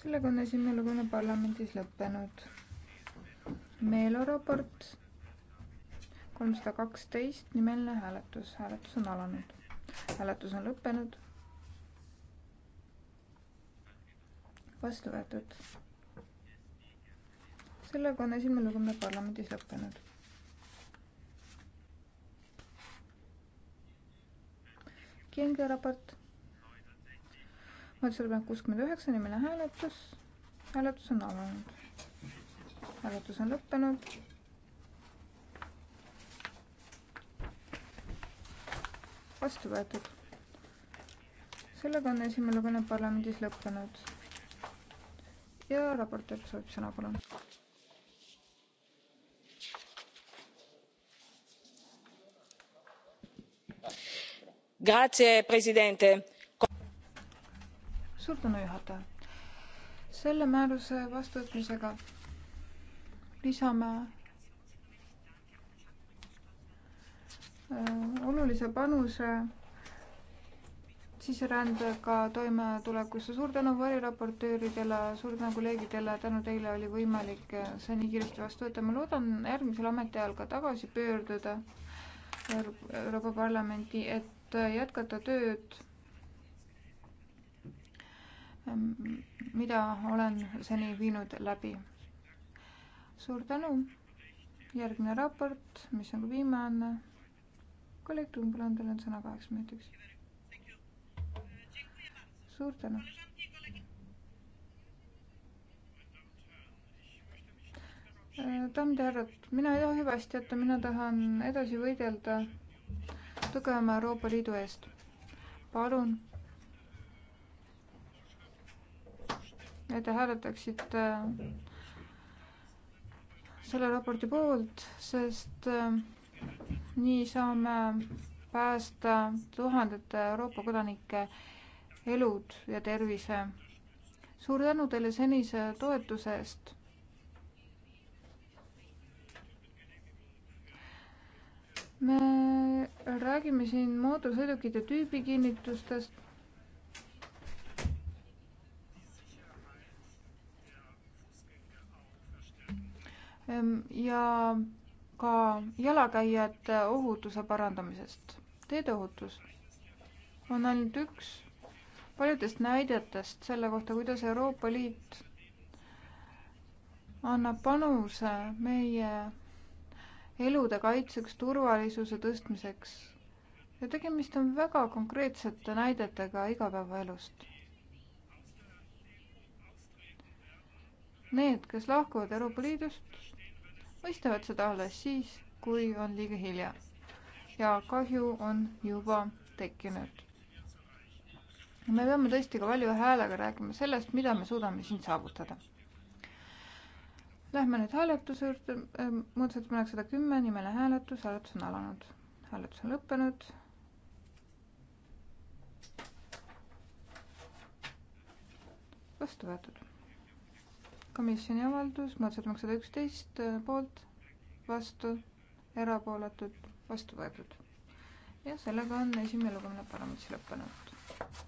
sellega on esimene lugemine parlamendis lõppenud. Meelo raport kolmsada kaksteist, nimeline hääletus, hääletus on alanud, hääletus on lõppenud. vastu võetud. sellega on esimene lugemine parlamendis lõppenud. Kienge raport muudatusettepanek kuuskümmend üheksa, nimeline hääletus. hääletus on alanud. hääletus on lõppenud. vastu võetud. sellega on esimene lugemine parlamendis lõppenud. ja raportöör soovib sõna, palun. grazie presidente suur tänu, juhataja. selle määruse vastuvõtmisega lisame äh, olulise panuse sisserändega toimetulekusse. suur tänu variraportööridele, suur tänu kolleegidele, tänu teile oli võimalik äh, see nii kiiresti vastu võtta. ma loodan järgmisel ametiajal ka tagasi pöörduda Euroopa Parlamenti, et äh, jätkata tööd Ähm, mida olen seni viinud läbi. suur tänu. järgmine raport, mis on ka viimane. kolleeg Tumb, palun, teil on sõna kaheks minutiks. suur tänu. Äh, daamid ja härrad, mina ei taha hüvasti jätta, mina tahan edasi võidelda tugevama Euroopa Liidu eest. palun et te hääletaksite selle raporti poolt, sest äh, nii saame päästa tuhandete Euroopa kodanike elud ja tervise. suur tänu teile senise toetuse eest. me räägime siin mootorsõidukite tüübikinnitustest Ehm, ja ka jalakäijate ohutuse parandamisest. teedeohutus on ainult üks paljudest näidetest selle kohta, kuidas Euroopa Liit annab panuse meie elude kaitseks, turvalisuse tõstmiseks ja tegemist on väga konkreetsete näidetega igapäevaelust. Need, kes lahkuvad Euroopa Liidust, mõistavad seda alles siis, kui on liiga hilja ja kahju on juba tekkinud. me peame tõesti ka valju häälega rääkima sellest, mida me suudame siin saavutada. Lähme nüüd hääletuse juurde, muudatusettepanek sada kümme, nimeline hääletus, hääletus on alanud, hääletus on lõppenud vastu võetud komisjoni avaldus, muudatusettepanek sada üksteist, poolt, vastu, erapooletud, vastu võetud. ja sellega on esimene lugemine parlamendis lõppenud.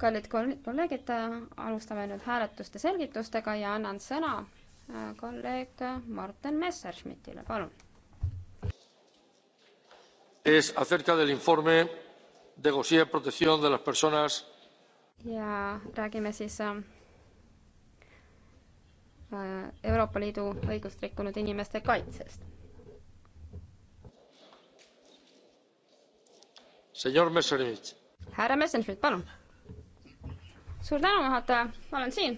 kallid kolleegid, alustame nüüd hääletuste selgitustega ja annan sõna äh, kolleeg Martin Messerschmidtile, palun. Es acerca del informe de Gossier protección de las personas. ja räägime siis äh, Euroopa Liidu õigust rikkunud inimeste kaitsest härra Messerschmidt, palun. suur tänu, juhataja, ma olen siin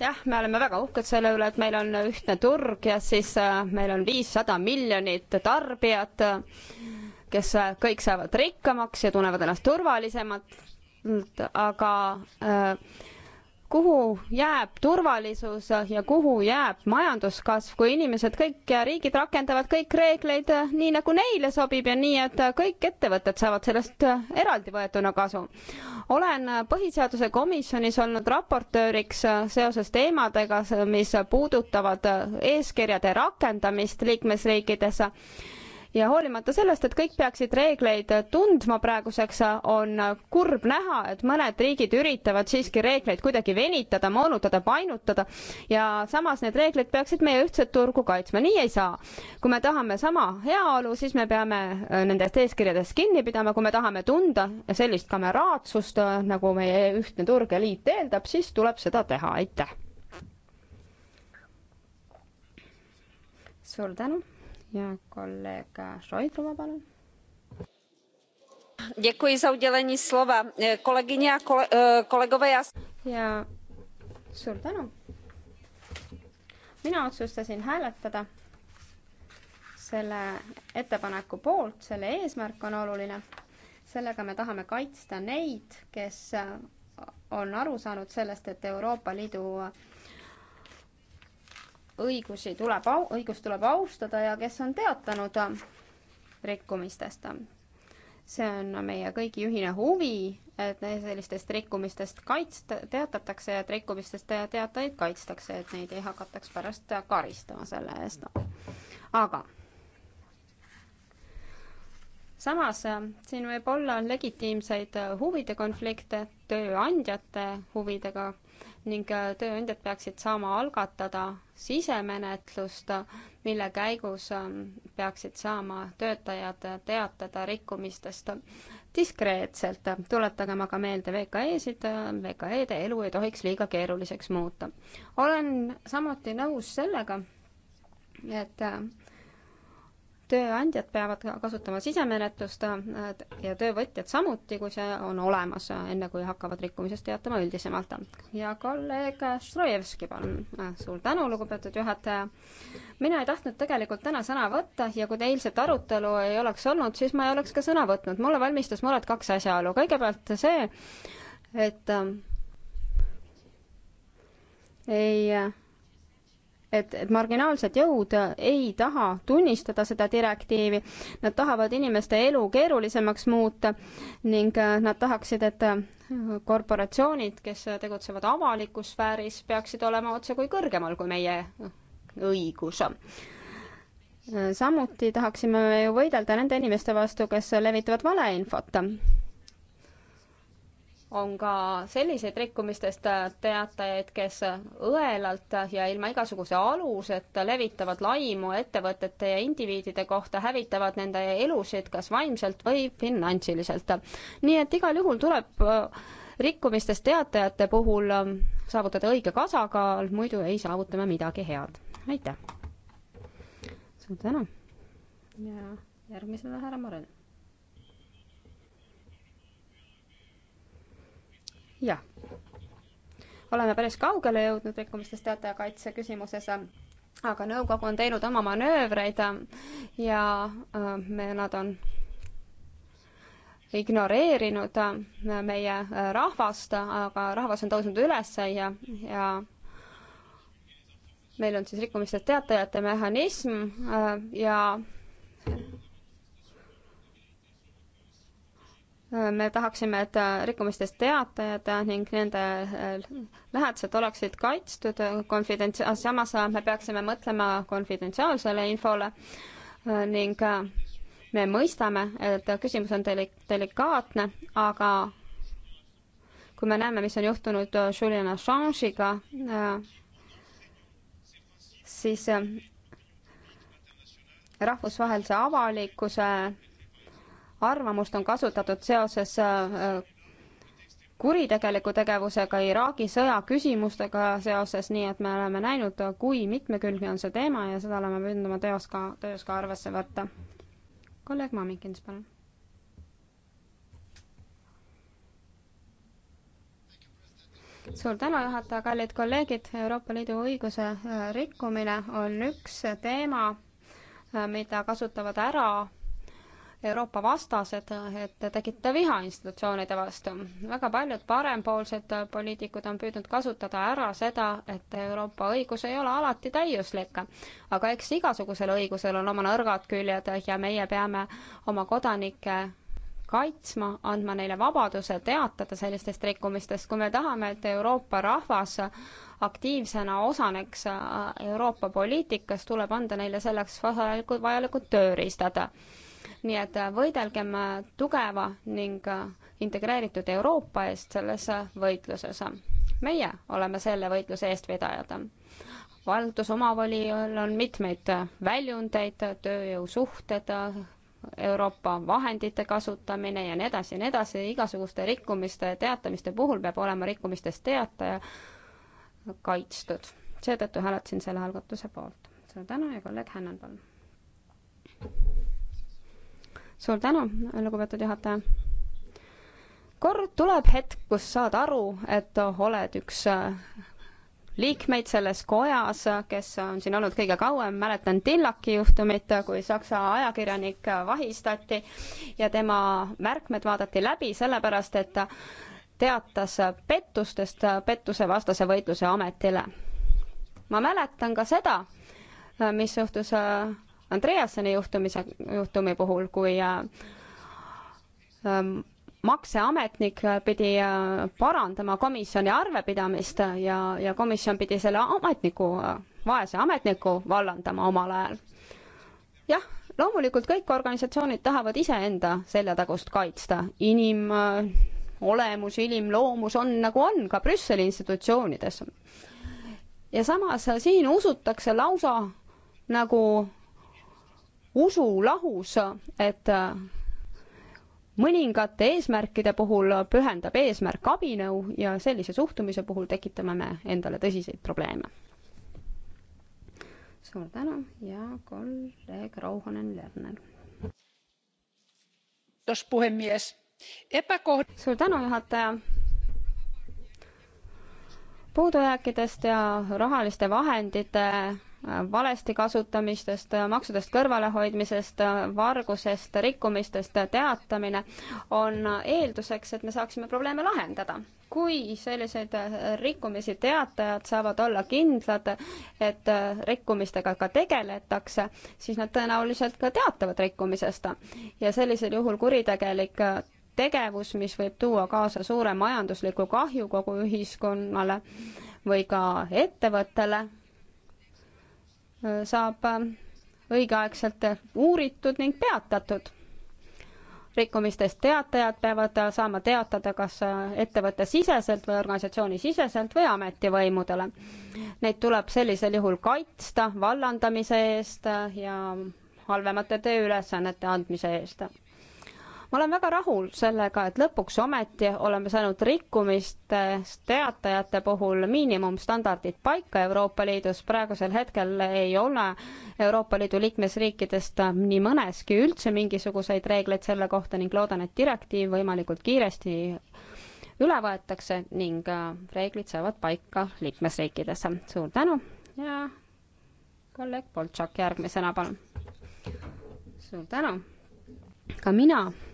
jah, me oleme väga uhked selle üle, et meil on ühtne turg ja siis äh, meil on viissada miljonit tarbijat, kes äh, kõik saavad rikkamaks ja tunnevad ennast turvalisemalt, aga äh, kuhu jääb turvalisus ja kuhu jääb majanduskasv, kui inimesed kõik ja riigid rakendavad kõik reegleid eh, nii, nagu neile sobib ja nii, et eh, kõik ettevõtted saavad sellest eh, eraldivõetuna kasu. olen Põhiseaduse komisjonis olnud raportööriks seoses teemadega, mis puudutavad eeskirjade rakendamist liikmesriikides ja hoolimata sellest, et kõik peaksid reegleid tundma praeguseks, on kurb näha, et mõned riigid üritavad siiski reegleid kuidagi venitada, moonutada, painutada ja samas need reeglid peaksid meie ühtset turgu kaitsma, nii ei saa. kui me tahame sama heaolu, siis me peame äh, nendest eeskirjadest kinni pidama, kui me tahame tunda sellist kameraatsust, äh, nagu meie ühtne turg ja liit eeldab, siis tuleb seda teha, aitäh! suur tänu! ja kolleeg Šojdrova, palun. Děkuji za udělení slova. Kolegyně a kole, eh, kolegové, já... Ja suur tänu. mina otsustasin hääletada selle ettepaneku poolt, selle eesmärk on oluline. sellega me tahame kaitsta neid, kes on aru saanud sellest, et Euroopa Liidu õigusi tuleb, õigust tuleb austada ja kes on teatanud rikkumistest. see on meie kõigi ühine huvi, et sellistest rikkumistest kaitst-, teatatakse ja et rikkumistest teatajaid kaitstakse, et neid ei hakataks pärast karistama selle eest. aga samas siin võib olla legitiimseid huvide konflikte tööandjate huvidega ning äh, tööandjad peaksid saama algatada sisemenetlust, mille käigus ähm, peaksid saama töötajad teatada rikkumistest diskreetselt. tuletagem aga meelde VKE-sid, VKE-de elu ei tohiks liiga keeruliseks muuta. olen samuti nõus sellega, et äh, tööandjad peavad kasutama sisemenetlust ja töövõtjad samuti, kui see on olemas, enne kui hakkavad rikkumisest teatama üldisemalt. ja kolleeg Strojevski, palun. suur tänu, lugupeetud juhataja. mina ei tahtnud tegelikult täna sõna võtta ja kui eilset arutelu ei oleks olnud, siis ma ei oleks ka sõna võtnud. mulle valmistas muret kaks asjaolu. kõigepealt see, et äh, ei äh, et, et marginaalsed jõud ei taha tunnistada seda direktiivi, nad tahavad inimeste elu keerulisemaks muuta ning äh, nad tahaksid, et äh, korporatsioonid, kes tegutsevad avalikus sfääris, peaksid olema otsekui kõrgemal kui meie äh, õigus samuti tahaksime ju võidelda nende inimeste vastu, kes levitavad valeinfot on ka selliseid rikkumistest teatajaid, kes õelalt ja ilma igasuguse aluseta levitavad laimu ettevõtete ja indiviidide kohta, hävitavad nende elusid kas vaimselt või finantsiliselt. nii et igal juhul tuleb äh, rikkumistest teatajate puhul äh, saavutada õige tasakaal, muidu ei saavuta me midagi head. aitäh! suur tänu! ja järgmisena härra Morel jah, oleme päris kaugele jõudnud rikkumistest teatajakaitse küsimuses aga nõukogu on teinud oma manöövreid ja äh, me, nad on ignoreerinud äh, meie äh, rahvast, aga rahvas on tõusnud üles ja, ja meil on siis rikkumistest teatajate mehhanism ja me tahaksime, et rikkumistest teatajad ning nende äh, lähedased oleksid kaitstud konfidents-, samas äh, me peaksime mõtlema konfidentsiaalsele infole äh, ning me mõistame, et küsimus on deli-, delikaatne, aga kui me näeme, mis on juhtunud Julian Assange'iga, siis rahvusvahelise avalikkuse arvamust on kasutatud seoses äh, kuritegeliku tegevusega, Iraagi sõja küsimustega seoses, nii et me oleme näinud, kui mitmekülgne on see teema ja seda oleme püüdnud oma teos ka, töös ka arvesse võtta. kolleeg Mamikins, palun. suur tänu, juhataja, kallid kolleegid, Euroopa Liidu õiguse äh, rikkumine on üks teema, äh, mida kasutavad ära Euroopa vastased, et te tegite viha institutsioonide vastu. väga paljud parempoolsed poliitikud on püüdnud kasutada ära seda, et Euroopa õigus ei ole alati täiuslik. aga eks igasugusel õigusel on oma nõrgad küljed ja meie peame oma kodanikke kaitsma, andma neile vabaduse teatada sellistest rikkumistest, kui me tahame, et Euroopa rahvas aktiivsena osaneks Euroopa poliitikas, tuleb anda neile selleks vajalikud, vajalikud tööriistad nii et äh, võidelgem äh, tugeva ning äh, integreeritud Euroopa eest selles võitluses. meie oleme selle võitluse eestvedajad. valdusomavolijal on mitmeid väljundeid, tööjõusuhted, Euroopa vahendite kasutamine ja nii edasi ja nii edasi, igasuguste rikkumiste teatamiste puhul peab olema rikkumistest teataja kaitstud. seetõttu hääletasin selle algatuse poolt. suur tänu ja kolleeg Hännan, palun! suur tänu, lugupeetud juhataja. kord tuleb hetk, kus saad aru, et oled üks äh, liikmeid selles kojas, kes on siin olnud kõige kauem, mäletan Tillaki juhtumit, kui Saksa ajakirjanik vahistati ja tema märkmed vaadati läbi sellepärast, et ta teatas pettustest pettusevastase võitluse ametile. ma mäletan ka seda, mis juhtus äh, Andreaseni juhtumise, juhtumi puhul, kui ähm, makseametnik pidi äh, parandama komisjoni arvepidamist ja, ja komisjon pidi selle ametniku, äh, vaese ametniku vallandama omal ajal. jah, loomulikult kõik organisatsioonid tahavad iseenda seljatagust kaitsta, inimolemus, äh, inimloomus on nagu on ka Brüsseli institutsioonides. ja samas siin usutakse lausa nagu usu lahus, et äh, mõningate eesmärkide puhul pühendab eesmärk abinõu ja sellise suhtumise puhul tekitame me endale tõsiseid probleeme. suur tänu ja kolleeg Rauhonen Lerner. suur tänu, juhataja puudujääkidest ja rahaliste vahendite valesti kasutamistest, maksudest kõrvalehoidmisest, vargusest, rikkumistest teatamine on eelduseks, et me saaksime probleeme lahendada. kui selliseid rikkumisi teatajad saavad olla kindlad, et rikkumistega ka tegeletakse, siis nad tõenäoliselt ka teatavad rikkumisest ja sellisel juhul kuritegelik tegevus, mis võib tuua kaasa suure majandusliku kahju kogu ühiskonnale või ka ettevõttele, saab äh, õigeaegselt uuritud ning peatatud. rikkumistest teatajad peavad saama teatada kas äh, ettevõtte siseselt või organisatsiooni siseselt või ametivõimudele. Neid tuleb sellisel juhul kaitsta vallandamise eest ja halvemate tööülesannete andmise eest ma olen väga rahul sellega, et lõpuks ometi oleme saanud rikkumistest teatajate puhul miinimumstandardid paika Euroopa Liidus. praegusel hetkel ei ole Euroopa Liidu liikmesriikidest nii mõneski üldse mingisuguseid reegleid selle kohta ning loodan, et direktiiv võimalikult kiiresti üle võetakse ning äh, reeglid saavad paika liikmesriikidesse. suur tänu ja kolleeg Boltšak järgmisena, palun. suur tänu. ka mina